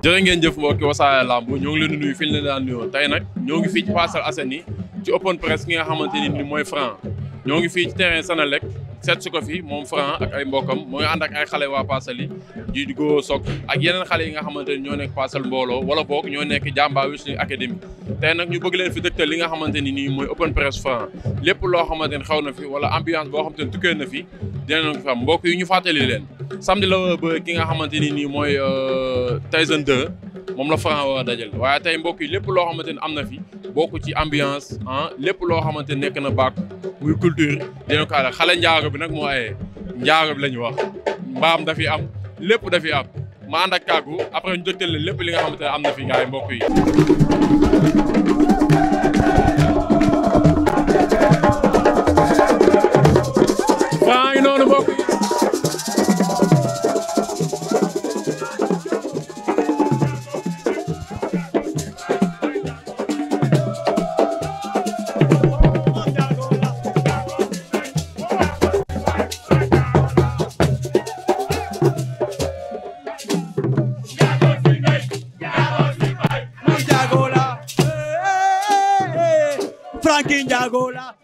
jërë ngeen jëf mbokki wasaare làmb ñoo ngi leen di nuyu fi daan nuyoo tey nag ñoo ngi fii ci Parcelles Assainies ci open press ki nga xamante ni mooy Franc ñoo ngi fii ci terrain Senelec seet si ko fi moom Franc ak ay mbokkam mooy ànd ak ay xale waa Parcelles yi di Go Sock ak yeneen xale yi nga xamante ni ñoo nekk Parcelles mbooloo wala boog ñoo nekk Jàmbaar Wrestling Academy tey nag ñu bëgg leen fi dëktal li nga xamante ni nii mooy open press Franc lépp loo xamante ni xew na fi wala ambiance boo xamante ni tukkee na fi dinañ ko fi mbokk yi ñu fàttali leen samedi la war ki nga xamante ni nii mooy euh, Tyson 2 moom la Franc dajal waaye tey mbokk yi lépp loo xamante ni am na fi bokk ci ambiance ah lépp loo xamante ni nekk na muy culture dina ko aada xale njaago bi nag moo ayee njaago bi la ñu wax mbaam dafi am lépp dafi am ma ànd ak kàggu ñu jottali lépp li nga xamante ne am na fi gars yi mbokk yi la gola.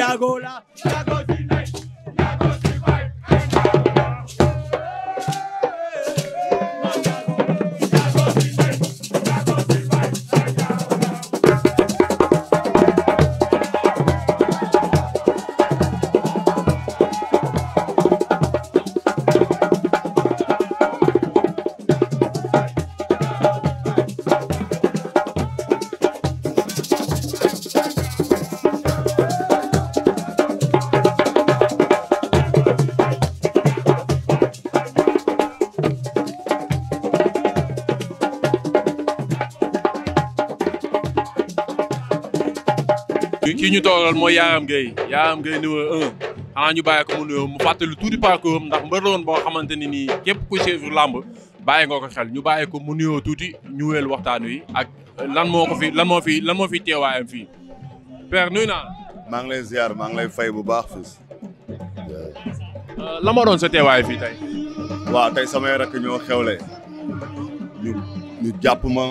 Jaago la ñu toogal mooy Yaram Gueye Yaram Gueye numéro un xanaa ñu bàyyi mu nuyoo mu fàttali tuuti parcours am ndax mbër la boo xamante ni nii képp ku suivre làmb bàyyi ngoo ko xel ñu bàyyi ko mu nuyoo tuuti ñu weel waxtaan wi ak lan moo ko fi lan moo fi lan moo fi teewaayam fii per nuyu naa maa ngi lay ziar maa ngi lay fay bu baax fii la ma doon sa teewaay fii tey waa tey samay rakk ñoo xewle ñu jàpp ma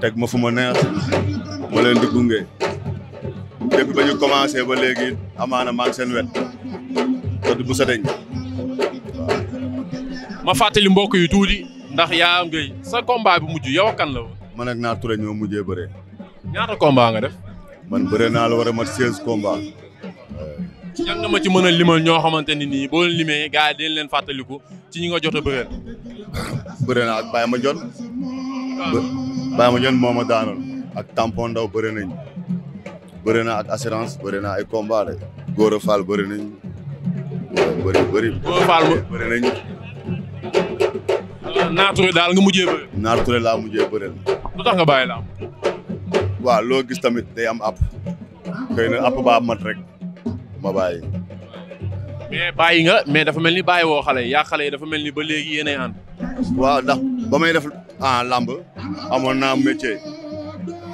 teg ma fu ma neex ma leen di gunge depuis ba ñu commencé ba léegi amaana maa ngi seen wet te du musa ma fàttali mbokk yu tuuti ndax yaa ngay sa combat bu mujj yow kan la woon. man ak Naar Touré ñoo mujjee bëree. ñaata combat nga def. man bëree naa la war a mat seize combat. yan nga ma ci mën a limal ñoo xamante ni nii boo limee gars yi dañ leen ci ñi nga jot a bëreel. bëree naa ak Baye Mandione. Baye Mandione moo a daanoon ak Tampon Ndaw bëree nañu. bëri na ak assurance bëri na ay combat de Gora Fall bëri nañ bëri bëri. Gora Fall bëri nañ. Naar daal nga mujjee bëri. Naar tax nga bàyyi la am. loo gis tamit day am app. xëy na app ba mat rek ma bàyyi. mais bàyyi nga mais dafa mel ni bàyyi woo yaa xale yi dafa mel ni ba léegi yéenay ànd. waaw ndax ba may def ah làmb amoon naa métier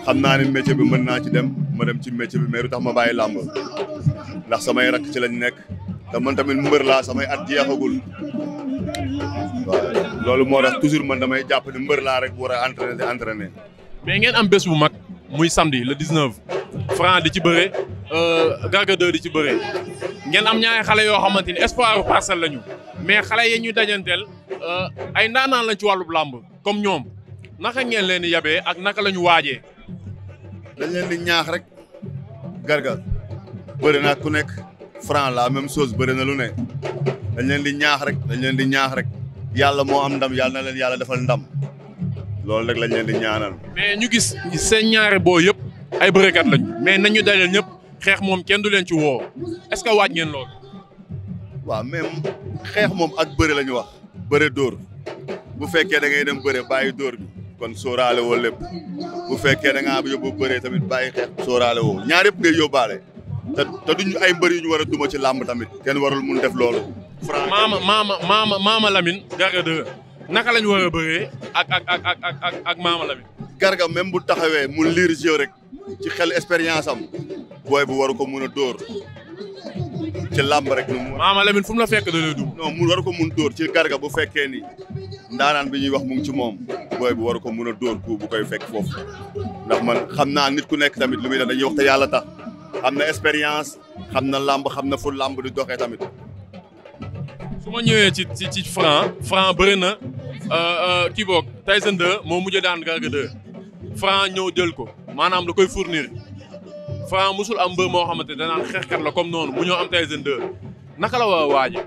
xam naa ne métier bi mën naa ci dem. ma dem ci métier bi mais lu tax ma bàyyi làmb ndax samay rakk ci lañ nekk te man tamit mbër laa samay at jeexagul waaw loolu moo tax toujours man damay jàpp ne mbër laa rek war a entraîner di entraîner. mais ngeen am bés bu mag muy samedi le 19 Franc di ci bëre euh, Garga 2 di ci bëre ngeen am ñaari xale yoo xamante ni espoir parcelle lañu mais xale yi ñuy dajanteel euh, ay ndaanaan lañ ci wàllu làmb comme ñoom naka ngeen leen di yabee ak naka la ñu waajee. dañ leen di ñaax rek garga bëri na ku nekk franc la même chose bëri na lu ne dañ leen di ñaax rek dañ leen di ñaax rek yàlla moo am ndam yàlla na leen yàlla defal ndam loolu rek lañ leen di ñaanal. mais ñu gis seen ñaari boo yëpp ay bërëkat lañu mais na ñu dajal ñëpp xeex moom kenn du leen ci woo est-ce que waaj ngeen loolu. waaw même xeex moom ak bëre la ñu wax bëre dóor bu fekkee da ngay dem bëre bàyyi dóor bi. kon sóoraale woo lépp bu fekkee da ngaa yóbbu bëree tamit bàyyi xeex sóoraale ñaar yëpp ngay yóbbaale te te duñu ay mbër yu ñu war a duma ci làmb tamit kenn warul mun def loolu. maama maama maama maama Lamine. garga dëgg naka lañ war a bëree ak ak ak ak ak ak maama garga même bu taxawee mu liir jeu rek ci xel expérience am booy bu waru ko mën a dóor. ci làmb rek nu mu. Maama Lamine la fekk da lay dugg. mu war ko mun dóor ci garga bu fekkee ni ndaanaan bi ñuy wax mu ngi ci moom booy bu war ko mun a dóor ku bu koy fekk foofu ndax man xam naa nit ku nekk tamit lu muy def dañuy wax te yàlla tax xam na expérience xam na làmb xam na fu làmb di doxee tamit. su ma ñëwee ci ci ci franc franc bëri na euh, euh, kii boog Tyson moo mujj daan garga 2 franc ñëw jël ko maanaam da koy fournir. Franc musul am mbër moo xamante ne danaan xeexkat la comme noonu bu ñoo am Tyson 2 naka la waa a waaje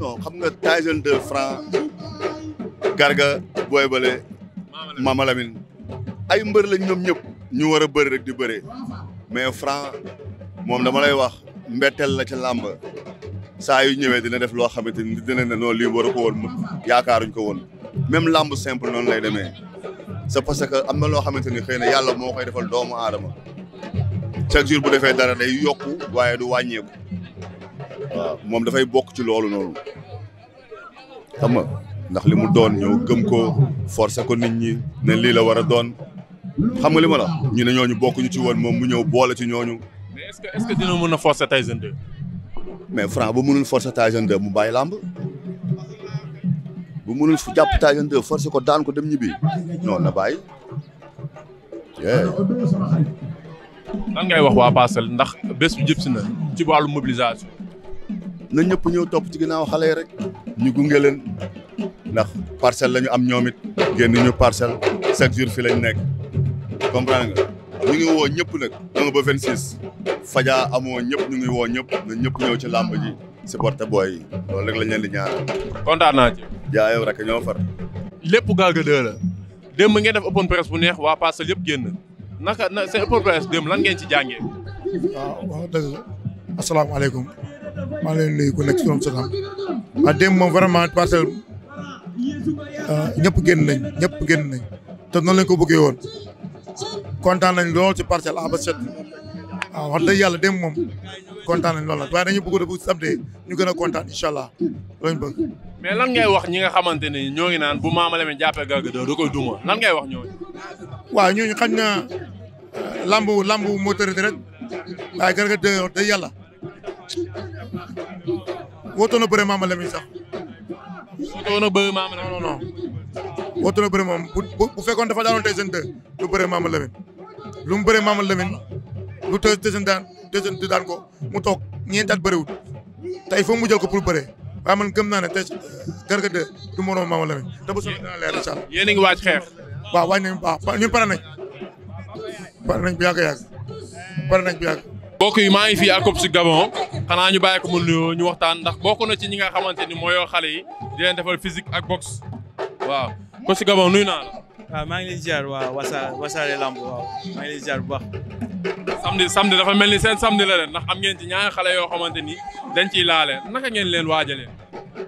non xam nga Tyson 2 Franc Garga Boy Bale Mama Lamine ay mbër lañ ñoom ñu war a bëri rek di bëree mais Franc moom dama lay wax mbetteel la ci làmb saa yu ñëwee dina def loo xamante ni dina ne noonu lii war a ko woon yaakaaruñ ko woon même làmb simple noonu lay demee c'est parce que am na loo xamante ni xëy na yàlla moo koy defal doomu aadama chaque jour bu defee dara day yokku waaye du wàññeeku moom dafay bokk ci loolu noonu xam ndax li mu doon ñëw gëm ko forcer ko nit ñi ne lii la war a doon xam nga li ma la ñu ne ñooñu bokkuñu ci woon moom mu ñëw boole ci ñooñu. mais est-ce que est-ce que dina mën a forcer Tyson 2. mais Franc bu mënul forcer Tyson 2 mu bàyyi làmb bu mënul jàpp Tyson 2 forcer ko daan ko dem ñibbi non na bàyyi. lan ngay wax waa Parcelles ndax bés bi jëp na ci wàllu mobilisation. na ñëpp ñëw topp ci ginnaaw xale yi rek. ñu gunge leen ndax parcelle la ñu am ñoomit it génn ñu parcelle chaque jour fi lañ nekk comprendre nga ñu ngi woo ñëpp nag danga ba 26 fajaa amoo ñëpp ñu ngi woo ñëpp na ñëpp ñëw ci làmb ji supporter booy yi loolu rek lañ leen di ñaanal. kontaan naa ci. jaayew rek ñoo far. lépp gàllankoor la. démb ngeen def open press bu neex waa parcelle yëpp génn. naka na seen open presse démb lan ngeen ci jàngee. waaw wax dëgg la asalaamaaleykum maa ngi leen nuyu ku nekk si turam satam waaw démb moom vraiment parcelle euh, ñëpp génn nañ ñëpp génn nañ te noonu lañ ko bëggee woon kontaan nañ lool ci parcelle A ba set waaw wax dëgg yàlla dem moom kontaan nañ loolu la waaye dañu bëgg bu samedi ñu gën a kontaan incha allah bëgg. mais lan ngay wax ñi nga xamante ni ñoo ngi naan bu Mama Lamine jàppee Garga 2 da ngay wax ñooñu. waaw ñooñu xañ na euh, lambu lambu moo tërëte rek waaye Garga 2 wax dëgg yàlla wootoo na bëre Mama Lamine sax. wootoo na bëre Mama Lamine bu bu fekkoon dafa daanoon tey seen deux lu bëre Mama Lamine lu mu bëre lu të deuxième daan deuxième ko mu toog ñeenti at bëriwul tey fo mu jël ko pour bëree waaye man gëm naa ne tey Garga 2 du moroom Mama Lamine te bu soobee dina leer incha allah. yéen a ngi waaj xeex. waaw waaj nañu waaw ñun pare nañ pare nañ bu yàgg yàgg pare bu yàgg. mbokk yi maa ngi fii ak si Gabon xanaa ñu bàyyi ko ñu waxtaan ndax bokk na ci ñi nga xamante ni mooyoo xale yi di leen defal physique ak boxe waaw ko si Gabon nuyu naa maa ngi lay ziar waa Wassare Wassare Lamb maa ngi lay bu baax. samedi samedi dafa mel ni seen samedi la leen ndax am ngeen ci ñaari xale yoo xamante ni dañ ciy laale naka ngeen leen waajalee.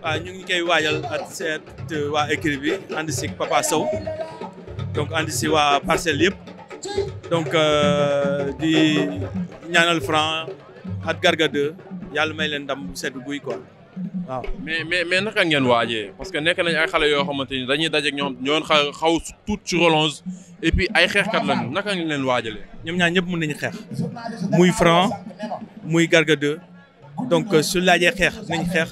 waaw ñu ngi koy waajal ak seet euh, waa équipe bi ànd si Papa Sow donc ànd si waa parcelle yëpp donc euh, di ñaanal Franc ak Garga yàlla may leen ndam sedd guy quoi. waaw mais mais mais naka ngeen waaje parce que nekk nañ ay xale yoo xamante ni dañuy dajeeg ñoom ñoo xaw xaw tuut ci relance et puis ay xeexkat lañu naka ngeen leen waajalee. ñoom ñaar ñëpp mën nañu xeex muy franc muy garga 2 donc euh, su laajee xeex nañ xeex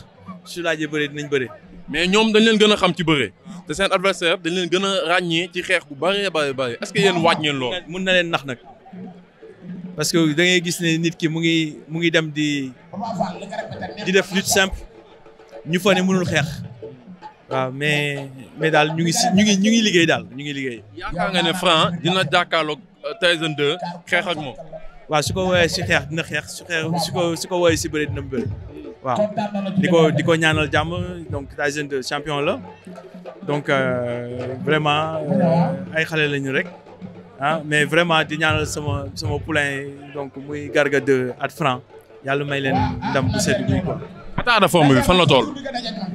su laajee bëree dinañ bëree. mais ñoom dañ leen gën a xam ci bëree te seen adversaire dañ leen gën a ràññee ci xeex bu bëree bare bëri est que yéen waaj ngeen lool. mën na leen nax nag. parce que da ngay gis ne nit ki mu ngi mu ngi dem di di def lutte ñu fa ne mënul xeex waaw mais mais daal ñu ngi ñu ngi ñu ngi liggéey daal ñu ngi liggéey. yaakaar nga ne Franc dina jàkkaarloog euh, Tyson 2 xeex ak moom. waaw su ko woowee si xeex dina xeex su su ko su woowee si bëre dina bëre waaw di ko di ko ñaanal jàmm donc Tyson 2 champion la donc euh, vraiment euh, ay xale lañu rek ah mais vraiment di ñaanal sama sama poulain donc muy Garga 2 at Franc yàlla may leen ndam bu sedd guy quoi. état de forme bi fan la toll.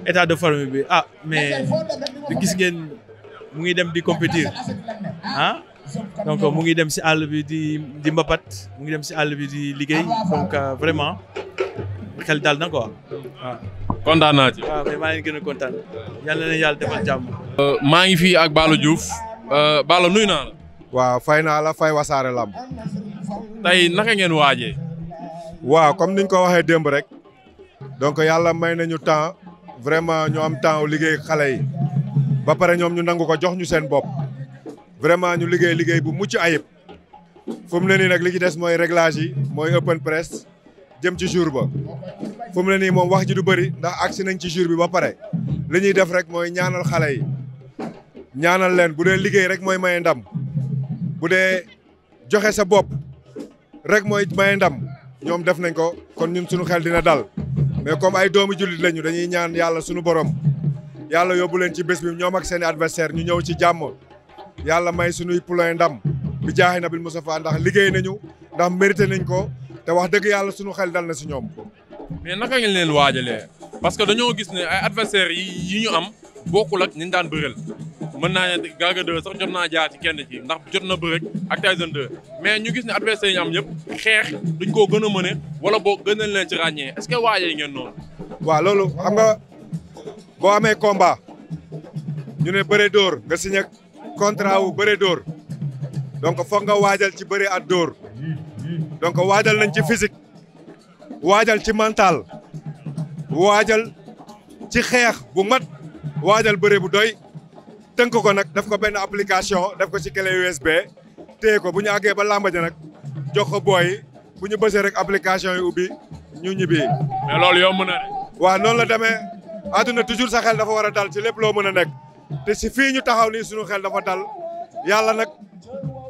état de forme bi ah mais gis ngeen mu ngi dem di compétir ah donc mu ngi dem si àll bi di di mbapat mu ngi dem si àll bi di liggéey donc euh, vraiment xel daal na quoi waaw. Ah. kontaan naa ci. waaw ah, mais maa ngi gën a kontaan yàlla na yàlla defal jàmm. Euh, maa ngi fii ak Balla juuf euh, Balla nuyu naa la. waaw fay naa la fay wasaare lamb. tey naka ngeen waajee. waaw comme niñ ko waxee démb rek. donc yàlla may nañu temps vraiment ñu am temps liggéey xale yi ba pare ñoom ñu nangu ko jox ñu seen bopp vraiment ñu liggéey liggéey bu mucc ayib fu mu ne nii nag li ci des mooy réglage yi mooy open press jëm ci jour ba fu ne nii moom wax ji du bëri ndax si nañ ci jour bi ba pare li ñuy def rek mooy ñaanal xale yi ñaanal leen bu dee liggéey rek mooy may ndam bu dee joxe sa bopp rek mooy maye ndam ñoom def nañ ko kon ñun suñu xel dina dal mais comme ay doomu jullit lañu dañuy ñaan yàlla suñu borom yàlla yóbbu leen ci bés bi ñoom ak seen adversaire ñu ñëw ci jàmm yàlla may suñuy poulain ndam bi jaaxi na bil Moustapha ndax liggéey nañu ndax mérité nañ ko te wax dëgg yàlla suñu xel dal na si ñoom mais naka ngeen leen waajalee parce que dañoo gis ne ay adversaires yi ñu am bokkul ak niñ daan bëreel mën naa ne Garga sax jot naa jaar ci kenn ci ndax jot na bërek ak Tyson 2 mais ñu gis ne adversaire yi ñu am yëpp xeex duñ koo gën a mëne wala boo gën nañ leen ci ràññee est-ce que waajee ngeen noonu waaw loolu xam nga boo amee combat ñu ne bëre dóor nga signé contrat wu bëre dóor donc nga waajal ci bëre at dóor donc waajal nañ ci physique waajal ci mental waajal ci xeex bu mat waajal bëre bu doy tënk ko nag def ko benn application def ko ci clé USB téye ko bu ñu àggee ba làmba ja nag jox ko booy bu ñu bësee rek application yi ubbi ñu ñibbi. mais loolu yomb na de. waaw noonu la demee àdduna toujours sa xel dafa war a dal ci lépp loo mën a nekk te si fii ñu taxaw nii suñu xel dafa dal yàlla nag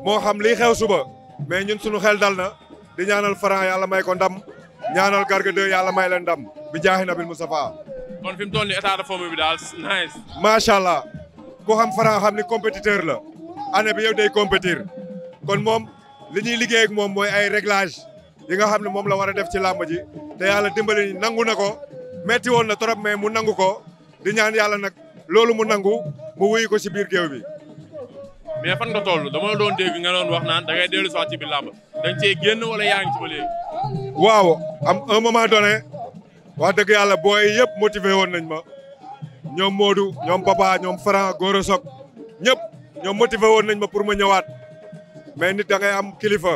moo xam lii xew suba mais ñun suñu xel dal na di ñaanal Franc yàlla may ko ndam ñaanal Garga 2 yàlla may leen ndam bi jaahi nabil Mustafa kon fi mu toll nii bi daal nice. macha allah ku xam Franc xam ni compétiteur la année bi yow day compétir kon moom li ñuy liggéey ak moom mooy ay réglage yi nga xam ne moom la war a def ci làmb ji te yàlla dimbali nangu na ko metti woon na trop mais mu nangu ko di ñaan yàlla nag loolu mu nangu mu wuyu ko si biir géew bi. mais fan nga toll dama la doon dégg nga doon wax naan da ngay dellu si ci biir làmb dañ cee génn wala yaa ci ba waaw am un moment wax dëgg yàlla booy yëpp motivé woon nañ ma ñoom Modou ñoom Papa ñoom Franc Goro ñëpp ñoom motivé woon nañ ma pour ma ñëwaat mais nit da ngay am kilifa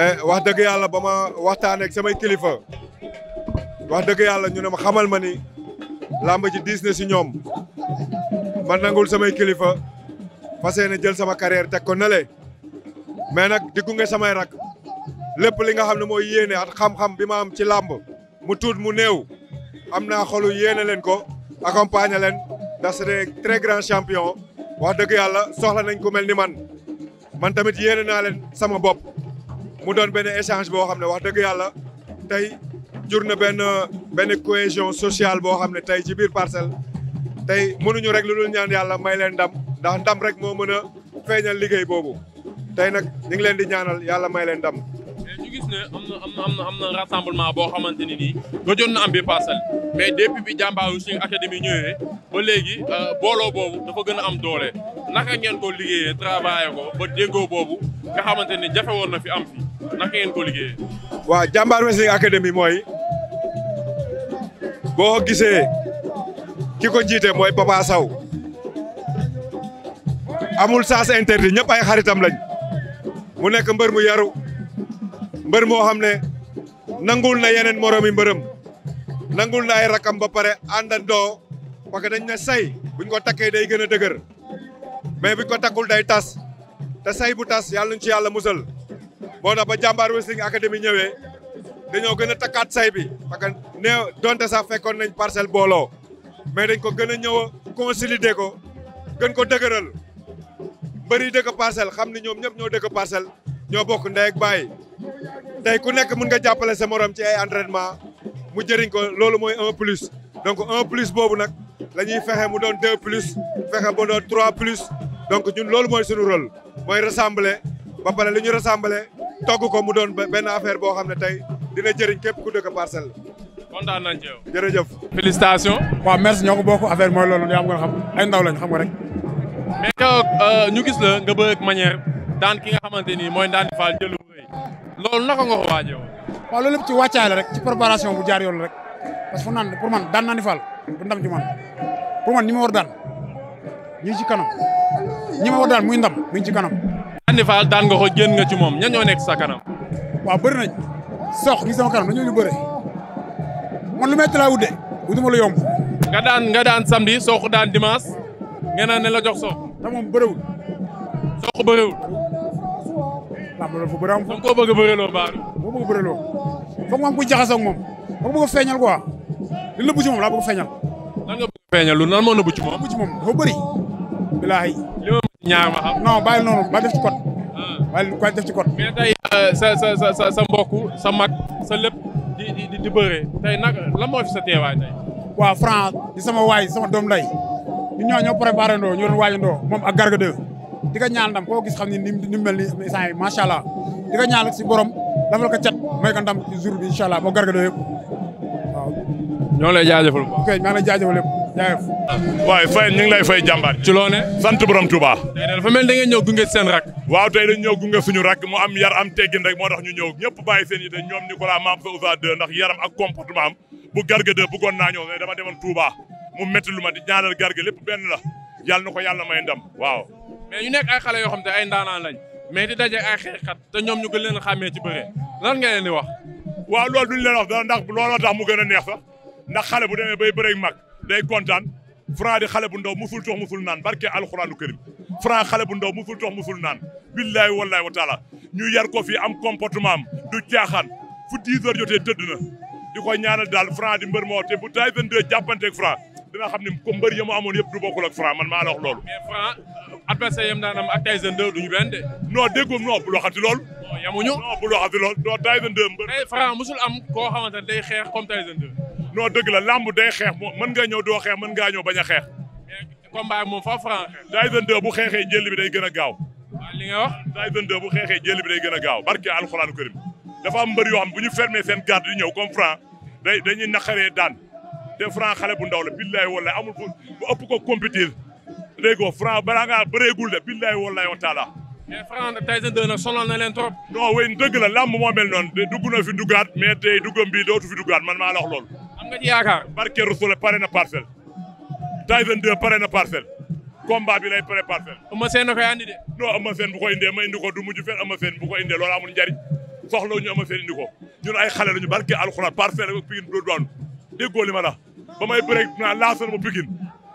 eh, wax dëgg yàlla ba ma waxtaanee samay kilifa wax dëgg yàlla ñu ne ma xamal ma ni làmb ji diis na si ñoom ma samay kilifa fas yéene jël sama carrière teg ko nale mais nag diggu nga samay rak lépp li nga xam ne mooy yéene at xam-xam bi ma am ci làmb mu tuut mu néew am naa xolu yéene leen ko accompagner leen ndax c'est des très grands champions wax dëgg yàlla soxla nañ ku mel ni man man tamit yéene naa leen sama bopp mu doon benn échange boo xam ne wax dëgg yàlla tey jur na benn benn cohésion sociale boo xam ne tey ci biir parcelle tey mënuñu rek lu dul ñaan yàlla may leen ndam ndax ndam rek moo mën a feeñal liggéey boobu tey nag ñu leen di ñaanal yàlla may leen ndam gis am na am na boo xamante ni nii gëjoon na am bi parcelle mais depuis bi jàmbaaru suñu académie ñëwee ba léegi euh, booloo boobu dafa gën a am doole naka ngeen ko liggéeyee travaillé ko ba déggoo boobu nga xamante ni jafe woon na fi am fi naka ngeen ko liggéeyee. waaw jàmbaar wrestling académie mooy boo gisee ki ko jiite mooy Papa saw amul sens interdit ñëpp ay xaritam lañ mu nekk mbër mu yaru. mbër moo xam ne nangul na yeneen moromi mbërëm nangul na ay rakam ba pare àndandoo parce que dañ ne say buñ ko takkee day gën a dëgër mais buñ ko takkul day tas te say bu tas yàlla ñu ci yàlla musal boo tax ba jàmbaar wrestling académie ñëwee dañoo gën a takkaat say bi parce que nee donte sax fekkoon nañ parcelle booloo mais dañ ko gën a ñëw a consolider ko gën ko dëgëral mbëri dëkk parcelle xam ne ñoom ñëpp ñoo dëkk parcelle ñoo bokk ndey ak tey ku nekk mën nga jàppale sa morom ci ay mu jëriñ ko loolu mooy un plus donc un plus boobu nag la ñuy mu doon deux plus fexe mu doon trois plus donc ñun loolu mooy suñu rôle mooy rassembler ba pare li ñu rassembler togg ko mu doon benn affaire boo xam ne tey dina jëriñ képp ku dëkk parcelle kontaan nañ ci yow jërëjëf félicitations waaw merci ñoo ko bokk affaire mooy loolu yaa am nga xam ay ndaw lañ xam nga euh, ñu gis la nga bëgg manière daan ki nga xamante ni mooy Ndandi loolu naka nga ko waajee loolu lépp ci wàccaay rek ci préparation bu jaar yoon rek parce fu naan pour man daan naa ni Fall du ndam ci man man ni ma war daan ñu ngi ci kanam ñi ma daan muy ndam mi ngi ci kanam. daan ni Fall daan nga ko génn nga ci moom ña ñoo nekk sa kanam. waa bëri nañ sox gi sama kanam dañoo ñu bëri man lu métti laa wute wutuma lu yomb. nga daan nga daan samedi sox daan dimanche nga naan ne la jox sox. te moom bëriwul. làmb loolu fu bëri am. koo bëgg a bëreloo moo bëgg a bëreloo foog mu am moom foog bëgg a feeñal quoi li nëbbu ci moom laa bëgg a feeñal. lan nga bëgg a feeñal lu ci moom. ba def ci ah. ko def ci code. Euh, sa sa sa sa mbokk mag sa lépp di di di nag lan moo sa teewaay tey. waaw Franc di sama waay sama doom lay ñu ñoo ñoo préparé ndoo ñu doon moom ak Garga 2 di ko ñaan ndam koo gis xam ne ni mu mel nii saa yi macha allah di ko si borom dafal ko cat may ko ndam ci jour bi incha allah moo gargaare yëpp waaw. ñoo lay jaajëfal. ok maa ngi lay jaajëfal yëpp jaajëf. waaye fay ñu ngi lay fay jàmbaar. ci loone sant borom Touba. tey dafa mel da ngeen ñëw gunge seen rak. waaw te dañ ñëw gunge suñu rak mu am yar am teggin rek moo tax ñu ñëw ñëpp bàyyi seen yite ñoom Nicolas maam fa Ousa 2 ndax yaram ak comportement am bu garga de bëggoon naa ñëw mais dama demoon Touba mu métti lu ma di ñaanal garga lépp benn la yàlla na ko yàlla may ndam mais ñu nekk ay xale yoo xam te ay ndaanaan lañ mais di daje ay xeexkat te ñoom ñu gën leen a mee ci bëre lan nga leen di wax waa loolu duñ leen wax dara ndax looloo tax mu gën a neex sax ndax xale bu demee bay bëre mag day kontaan Franc di xale bu ndaw musul tox musul naan barke alxuraanu karim Franc xale bu ndaw musul tox musul naan billaahi wallaahi wa taala ñu yar ko fii am comportement am du caaxaan fu 10 heures jotee tëdd na di ko ñaanal daal Franc di mbër moo te dina xam ne comme mbër ya amoon yëpp du bokkul ak man maa la loolu. mais Franc adversaire yam daan am ak Tyson 2 duñu benn de. non déggum non bu waxati lool. non yamuñu non bu waxati lool non Tyson 2 mbër. tey Franc musul am koo xamante day xeex comme Tyson 2. dëgg la làmb day xeex moom mën ngaa ñëw doo xeex mën ngaa ñëw bañ a xeex. mais combat ak moom fa Franc. Tyson 2 bu xeexee njël bi day gën a gaaw. waaw li nga wax. Tyson 2 bu xeexee njël bi day gën a gaaw barke alxuraanu karim dafa mbër yoo xam bu ñu fermer seen garde di ñëw comme Franc day dañuy naqaree te Franc xale bu ndaw la billaay wallaay amul bu ëpp ko compétir léegi Franc balaa ngaa bëreegul de billaay wallaay wa taala mais Franc Tyson 2 nag sonal na trop. non wéy dëgg la làmb moo de dugg na fi duggaat mais tey duggam bi dootu fi duggaat man maa la wax am nga yaakaar. barke Rasul pare na parcelle. Tyson 2 pare na parcelle. combat bi lay pare parcelle. Eumeu Sène na de. non Eumeu Sène bu ko indee ma indi ko du mujj fenn Eumeu Sène ko indee loolu amul njariñ doo déggoo li ma la ba may bëreeg dinaa laasoon ma Pikine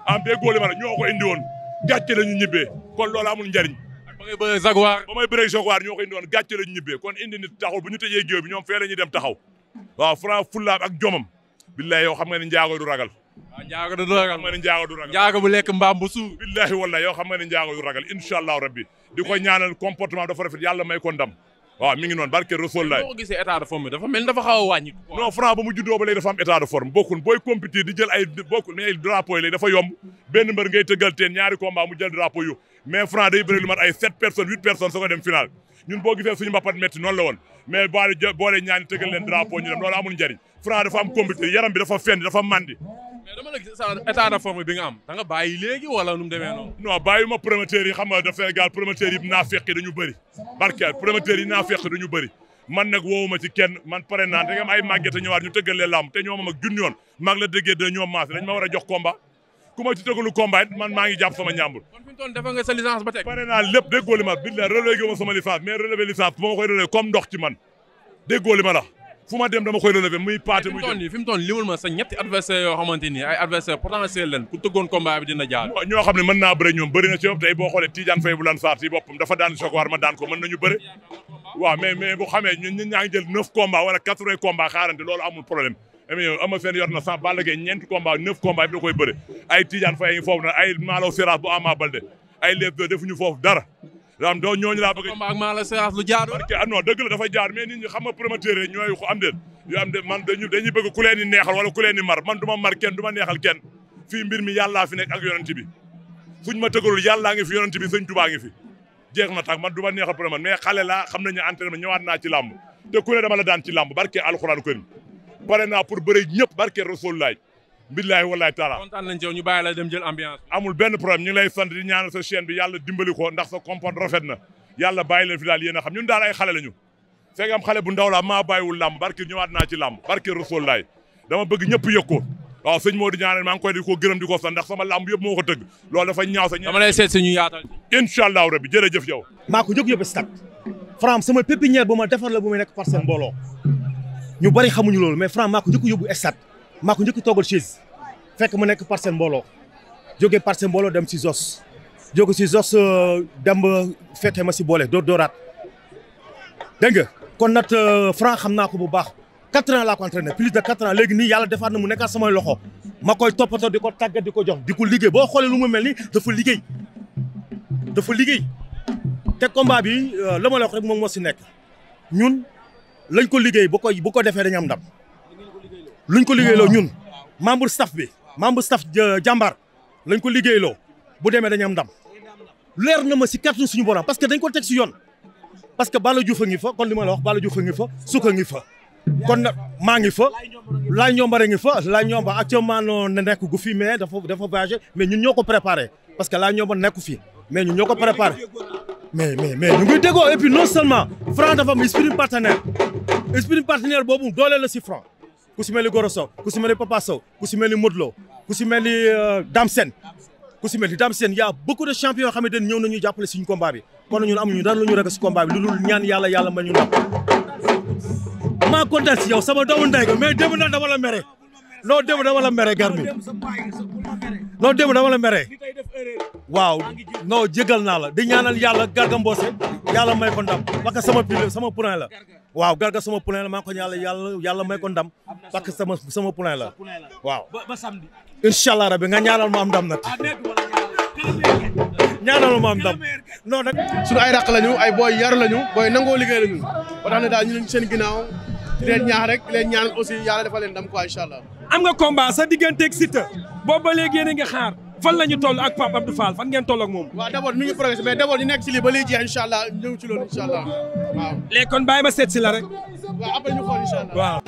am déggoo li ma ñoo ko indi woon gàcce la ñu ñibbee kon loolu amul njariñ ba ngay bëreeg Jaguar ba may bëreeg Jaguar ñoo ko indi woon gàcce la ñu kon indi nit taxul bu ñu tëjee jee bi ñoom fee la ñuy dem taxaw waaw Franc fullaam ak jomam billahi yow xam nga ni njaago du ragal waaw njaago du du ragal njaago bu lekk mbaam bu suuf billahi wallahi yow xam nga ni njaago du ragal incha allahu rabbi di ko ñaanal comportement dafa rafet yàlla may ko ndam waaw mi ngi noonu barke dafa mel dafa xaw a wàññi. non ba mu juddoo ba léegi dafa am état de forme bokkul booy compétir di jël ay bokkul ay drapeau yi léegi dafa yomb benn mbër ngay tëggal teen ñaari combat mu jël drapeau yu mais Franc day bëri lu mat ay sept personnes huit personnes soo dem final ñun boo gisee suñu mbapat métti noonu la woon mais boole ñaani tëggal leen drapeau ñu dem loolu amul njariñ Franc dafa am compétir yaram bi dafa mais dama la gis état de forme bi nga am da nga bàyyi léegi wala nu mu noonu. non bàyyi ma promoteur yi xam nga daf Sénégal promoteur dañu bëri barkeel promoteur yi naa dañu bëri man nag woowuma ci kenn man pare naa da nga am ay màgget a ñu tëggal leen te ñoom ak junni yoon mag la dëggee de ñoom maas dañ ma war a jox combat ku ma ci tëggalu man maa ngi jàpp sama ñàmbur. kon fi mu toll ma billahi relevé ma sama licence fu ma dem dama koy relever muy paate muy fi mu toll limal ma sa ñetti adversaire yoo xamante ni ay adversaire potentiel leen ku tëggoon combat bi dina jaar ñoo xam ne mën naa bëre ñoom bëri na ci yow tey boo xoolee Tidiane Faye bu saar ci boppam dafa daan sokowaar ma daan ko mën nañu bëre waaw mais bu xamee ñun ñun jël neuf combats wala quatre-vingts combats loolu amul problème mais ama seen yor na sax Balla Gaye ñeenti combats neuf combats bi da koy bëre am doo ñooñu laa bëgg ak maa la séance lu jaadu parce ah, non dëgg la dafa jaar mais nit ñi xam nga promoteur yi ñooy ko am déet yu am déet man dañu dañuy bëgg neexal wala ku mar man du ma mar kenn du ma neexal kenn fii mbir mi yàllaa fi nekk ak yonent bi fuñ ma tëgalul yàllaa ngi fi yonent bi sëñ Tuubaa jeex na tax man du neexal promoteur mais xale laa xam nañu entraînement ñëwaat naa ci làmb te ku ne dama la daan ci làmb barke alxuraan karim pare naa pour bëre ñëpp barke rasulullaay billahi wallahi taala kontaan nañ ci amul benn problème ñu lay sant di ñaanal sa chaîne bi yàlla dimbali ko ndax sa compote rafet na yàlla bàyyi leen fi daal yéen a xam daal ay xale lañu fekk am xale bu ndaw la maa bàyyiwul làmb barke ñëwaat naa ci làmb barke rasul laay dama bëgg ñëpp yëg ko waaw sëñ moo di ñaanal maa ngi koy di ko gërëm di ko sant ndax sama làmb yëpp moo ko tëgg loolu dafa ñaaw sa dama lay seet suñu yaatal incha maa ko jóg yóbbu stade Franc sama ma defar la bu may nekk parcelle mbooloo ñu bari xamuñu maa ko njëkk toogal chaise fekk mu nekk parcelle mbooloo jóge parcelle mbooloo dem si Zos jóge si Zos euh, dem fekkee ma si boole dóor dóoraat dégg nga kon nag euh, Franc xam naa ko bu baax quatre ans laa ko entraîné plus de quatre ans léegi nii yàlla defaat na mu nekkaat samay loxo ma koy toppatoo di ko tàggat di ko jox di ko liggéey boo xoolee lu mu mel ni dafa liggéey dafa liggéey te combat bi euh, la ma la rek moom moo si nekk ñun lañ ko liggéey boo koy bu ko defee dañu am ndam lu luñ ko loo ñun membre staff bi membre staff jàmbaar lañ ko liggéey loo bu demee dañu am ndam leer na ma si kàttan suñu borom parce que dañ ko teg si yoon parce que Balla Diouf a ngi fa kon li ma la wax Balla Diouf a ngi fa Souka ngi fa kon nag maa ngi fa laay ñombare ngi fa laay ñomba actuellement noonu ne nekk gu fi mais dafa dafa voyagé mais ñun ñoo ko préparé parce que laay ñomba nekku fi mais ñun ñoo ko préparé mais mais mais ñu ngi déggoo et puis non seulement Franc boobu doole la si Franc ku si mel ni Goro Sow ku si mel ni Papa Sow ku si mel ni Modou Lo ku si mel ni euh, Dame Sène ku si mel ni Dame Sène y' a beaucoup de champions yoo xamante ni ñëw nañu jàppale suñu combat bi kon ñun amuñu dara lu ñu rek si combat bi lu dul ñaan yàlla yàlla ma ñu ndam maa kontaan si yow sama doomu ndey nga mais démb nag dama la mere noo démb dama la mere gar mi noo démb dama mere waaw non jégal naa la di ñaanal yàlla Garga Mbossé yàlla may ko ndam parce sama pile sama point la waaw garga sama poulain la maa ko ñaan yàlla yàlla may ko ndam parce que sama sama poulain la waaw ba samedi incha allah rabbi nga ñaanal ma am ndam nag ah, ñaanal ma am ndam nag suñu ay raq lañu ay booy yar lañu booy nangoo liggéey lañu ba tax ne daal ñu leen seen ginnaaw di leen rek di ñaanal aussi yàlla defal leen ndam quoi allah am nga combat sa digganteeg Siteu boobu ba léegi yéen a ngi xaar fan la ñu toll ak Pape Abdou Fall fan ngeen toll ak moom. waaw d' abord mi ngi progressé mais d' ñu nekk ci lii ba lay jeex incha allah ñëw ci ma seet si la rek. waaw après ñu xool incha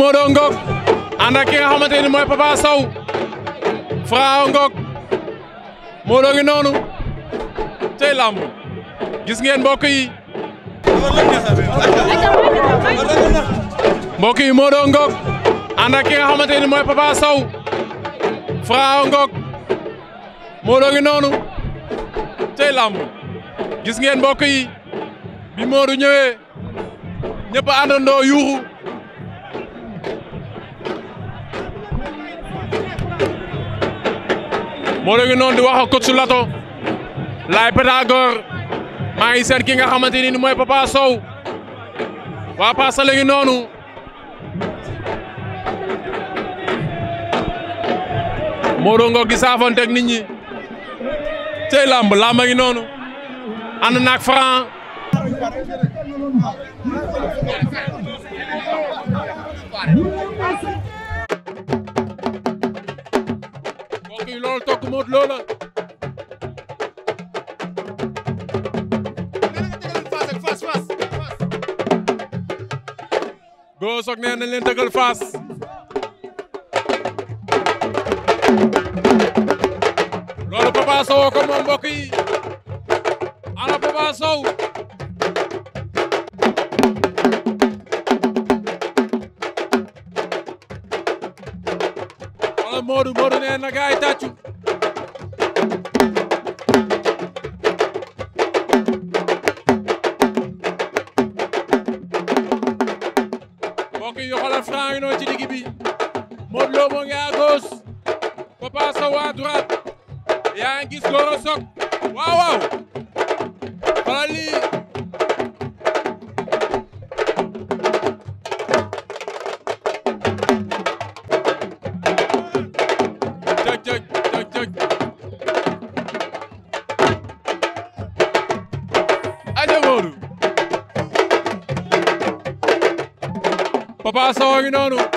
Modou Ngok ànd ak ki nga xamante ni mooy Papa Sow Fra Ngok Modou ngi noonu tey làmb gis ngeen mbokk yi. mbokk yi Modou Ngok ànd ak ki nga ni mooy Papa Sow Fra Ngok Modou ngi noonu tey làmb gis ngeen mbokk yi bi Modou ñëwee ñëpp àndandoo yuuxu. moo la ngi noonu di wax ak coach Lato laay Pythagore maa ngi seen ki nga xamante ni mooy Papa Sow waa Paasa la noonu moo doon nga gisaafoonte ak nit ñi tey làmb làmb noonu ànd naag Franc Modou Lo la Gora Sock nee nañ leen dëggal Fass loolu Papa Sow ko moom mbokk yi ana Papa Sow Modou Modou nee na gaay tàccu Général noonu ci digg bi Modou Lo ngi à gauche Papa Sow à yaa ngi gis Gora Sock waaw waaw lii Papa Sow a ngi noonu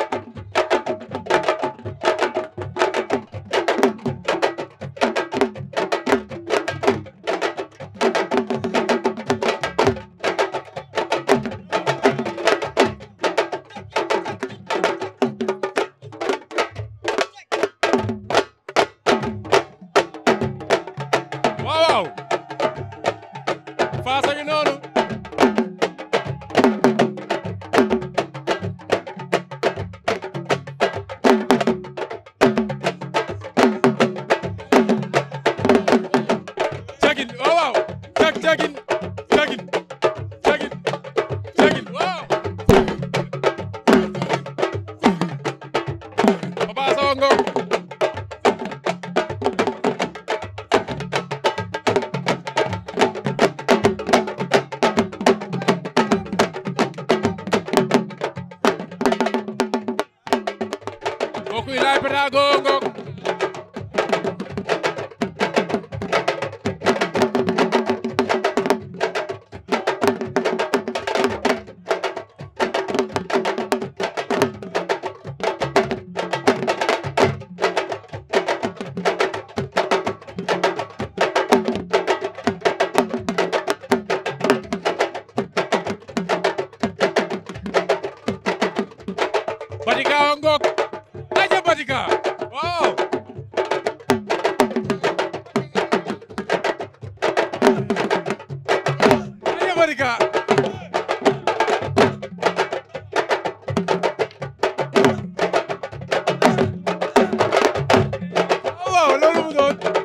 waaw loolu mu doon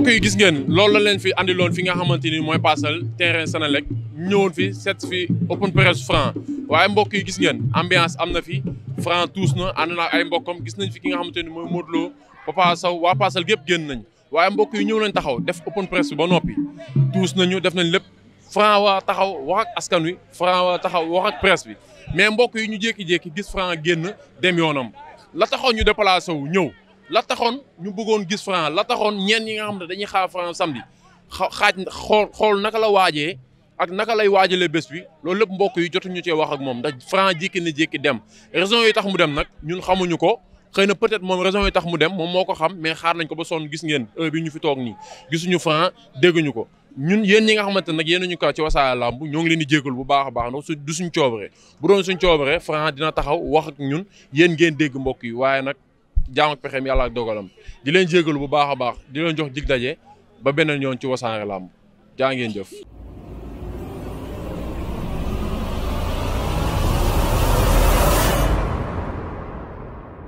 mbokk yi gis ngeen loolu na leen fi andiloon fi nga xamante ni mooy Parcelles terrain Senelec ñëwoon fi set fi open press franc waaye mbokk yi gis ngeen ambiance am na fi franc tuus na ànd na ay mbokkam gis nañ fi ki nga xamante ni mooy Modou Lo Papa Sow waa Parcelles gépp génn nañ waaye mbokk yi ñëw nañ taxaw def open press bi ba noppi tuus nañu def nañ lépp franc waa taxaw wax ak askan wi franc waa taxaw wax ak presse bi mais mbokk yi ñu jékki-jékki gis génn dem yoonam la taxaw ñu déplacé wu ñëw la taxoon ñu bëggoon gis Franc la taxoon ñenn ñi nga xam ne dañuy xaar Franc samedi xaaj xool xool naka la waaje ak naka lay waajalee bés bi loolu lépp mbokk yi jotuñu cee wax ak moom ndax Franc jékki na jékki dem raison yi tax mu dem nag ñun xamuñu ko xëy na peut-être moom raison yi tax mu dem moom moo ko xam mais xaar nañ ko ba sonn gis ngeen heure bi ñu fi toog nii gisuñu Franc dégguñu ko ñun yéen ñi nga xamante nag yéen ñu ko ci Wassare Lamb ñoo ngi leen di jégalu bu baax a baax ndax su du suñ coobare bu doon suñ coobare dina taxaw wax ak yéen ngeen dégg mbokk yi waaye nag jaam ak pexeem yàlla ak dogalam di leen jégalu bu baax a baax di leen jox dig daje ba beneen yoon ci wasaare làmb jaa ngeen jëf